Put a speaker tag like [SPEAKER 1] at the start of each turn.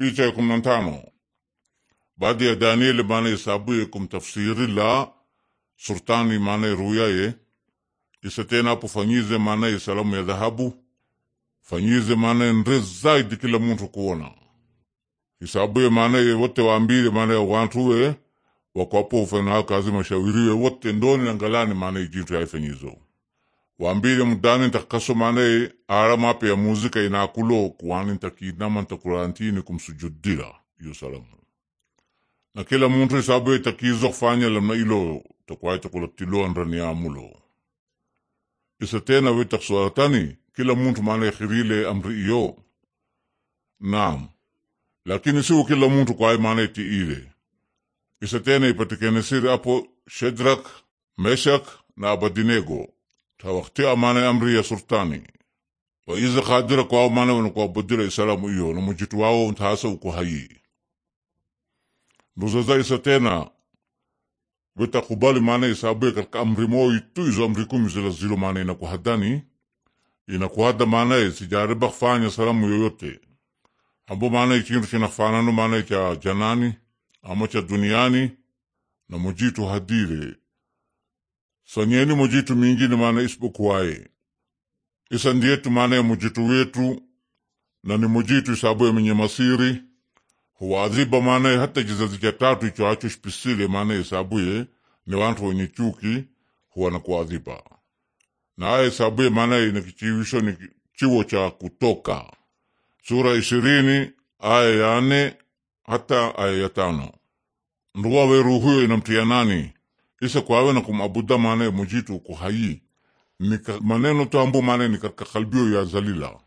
[SPEAKER 1] Picha ya kumi na tano baada ya Danieli mane isabuye kumtafsiri la surtani mane ruyaye isa tena hapo fanyize mane salamu ya dhahabu fanyize mane nrezi zaidi kila muntu kuona isabuye mane wote waambire mane wantuwe wakwapo ufanya kazi mashawiriwe wote ndoni na ngalani mane jintu yaifanyizo wambile mudaninta kasomanei ara mape ya muzika inakulo kuwani kinamanta takurantini kumsujudila iyo salamu na kila muntu isabu itakizo kufanya lamna ilo takwaita kulatilo andrani ya mulo isa tena wetaksuaratani kila muntu mane khirile amri iyo naam lakini siu kila muntu kwai mane iti ile isa tena siri apo Shedrak Meshak na Abadinego tawakti amana amri ya sultani wa iza kadira kwa amana wana kwa budira isalamu iyo na mujitu wawo untahasa uko hayi nuzaza isa tena wetakubali maana isabuye katika amri moja tu izo amri kumi zile zilo maana inakuhadani inakuhada maana sijaribu kufanya salamu yoyote ambo mana ikintu kinafanana maana cha janani ama cha duniani na mujitu hadire sanyeni mujitu mingine maana isipokuwaye isandi yetu maana ya mujitu wetu na ni mujitu mwenye masiri huwaadhiba maanaye hata kizazi cha tatu icho acho shipisile maanaye isabuye ni wantu wenye chuki huwa na kuadhiba na aya isabuye maanaye ina kichiwisho ni chiwo cha kutoka sura ishirini aya ya nne hata aya ya tano nduwaweru huyo inamtia nani isa kuawena kumabuda mane mujitu kuhayi nika maneno tambu mane kalbio ya zalila